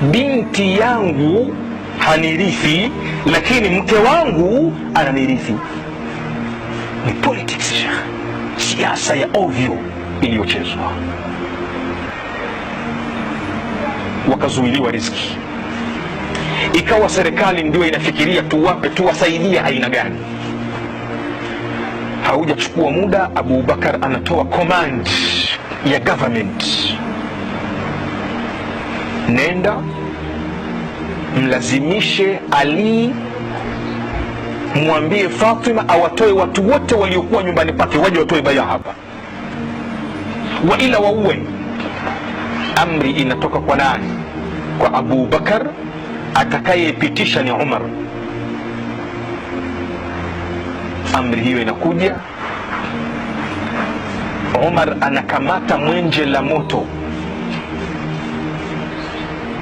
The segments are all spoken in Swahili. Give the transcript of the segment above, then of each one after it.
binti yangu hanirithi, lakini mke wangu ananirithi. Ni politics, siasa ya ovyo iliyochezwa. Wakazuiliwa riski ikawa serikali ndio inafikiria tuwape, tuwasaidia aina gani? Haujachukua muda, Abubakar anatoa command ya government nenda mlazimishe Ali, mwambie Fatima awatoe watu wote waliokuwa nyumbani pake waje watoe baya hapa, wa ila wauwe. Amri inatoka kwa nani? Kwa abubakar atakayepitisha ni Umar. Amri hiyo inakuja, Umar anakamata mwenje la moto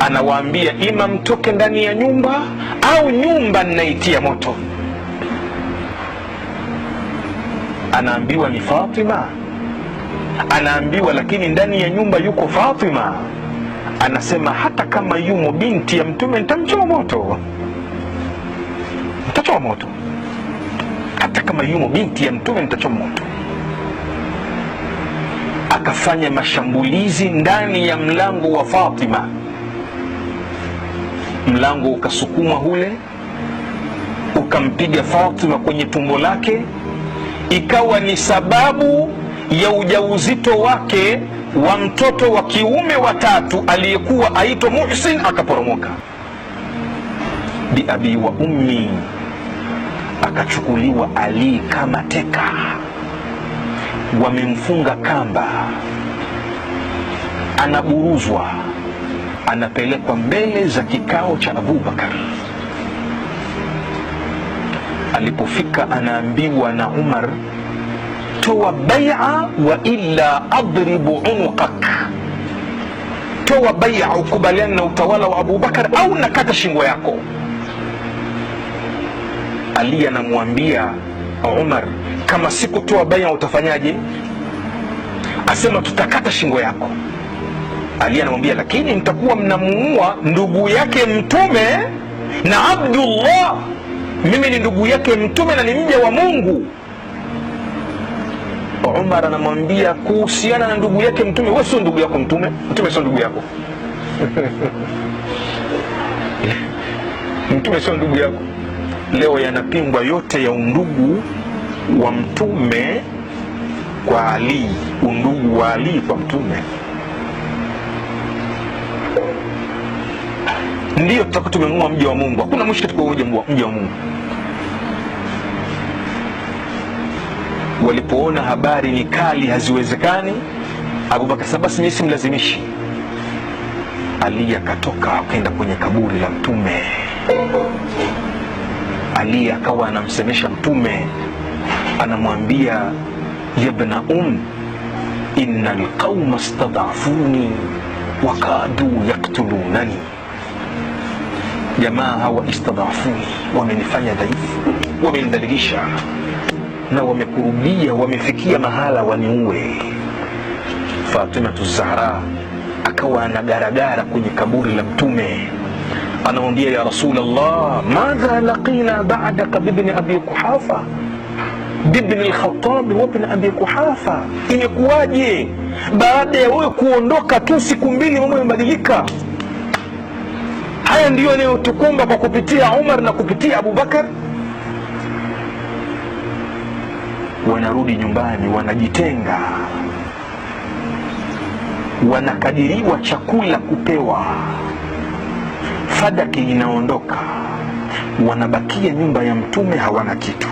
anawaambia ima mtoke ndani ya nyumba au nyumba ninaitia moto. Anaambiwa ni Fatima, anaambiwa lakini ndani ya nyumba yuko Fatima. Anasema hata kama yumo binti ya Mtume nitamchoma moto, ntachoa moto. Hata kama yumo binti ya Mtume nitachoma moto. Akafanya mashambulizi ndani ya mlango wa Fatima mlango ukasukumwa ule ukampiga Fatima kwenye tumbo lake, ikawa ni sababu ya ujauzito wake wa mtoto wa kiume watatu aliyekuwa aitwa Muhsin akaporomoka. Bi abi wa ummi akachukuliwa Ali kama teka, wamemfunga kamba, anaburuzwa anapelekwa mbele za kikao cha Abubakar. Alipofika anaambiwa na Umar, toa bai'a wa illa adribu unuqak, toa bai'a, ukubaliana na utawala wa Abubakar au nakata shingo yako. Ali anamwambia Umar, kama sikutoa bai'a utafanyaje? Asema tutakata shingo yako. Ali anamwambia lakini mtakuwa mnamuua ndugu yake mtume na Abdullah, mimi ni ndugu yake mtume na ni mja wa Mungu. Umar anamwambia kuhusiana na ndugu yake mtume, wewe sio ndugu yako mtume, mtume sio ndugu yako mtume sio ndugu yako. Leo yanapingwa yote ya undugu wa mtume kwa Ali, undugu wa Ali kwa mtume. ndio tutakuwa tumeng'oa mji wa Mungu. Hakuna mwisho tukouje mji wa Mungu. Walipoona habari ni kali, haziwezekani, Abubakar basi mimi simlazimishi. Ali akatoka akaenda kwenye kaburi la Mtume. Ali akawa anamsemesha Mtume, anamwambia yabna um inna alqauma stadafuni wakadu yaktulunani Jamaa hawa istadhafuni, wamenifanya dhaifu, wamenidhalilisha na wamekurubia, wamefikia mahala waniue. Fatimatu Zahra akawa anagaragara kwenye kaburi la Mtume, anamwambia ya llah madha laqina ba'daka bibni abi kuhafa bibni lkhatabi wabni abi kuhafa imekuwaje baada ya wewe kuondoka tu siku mbili mambo yamebadilika? Haya ndiyo yanayotukumba kwa kupitia Umar na kupitia Abubakar. Wanarudi nyumbani, wanajitenga, wanakadiriwa chakula kupewa, fadaki inaondoka, wanabakia nyumba ya Mtume, hawana kitu.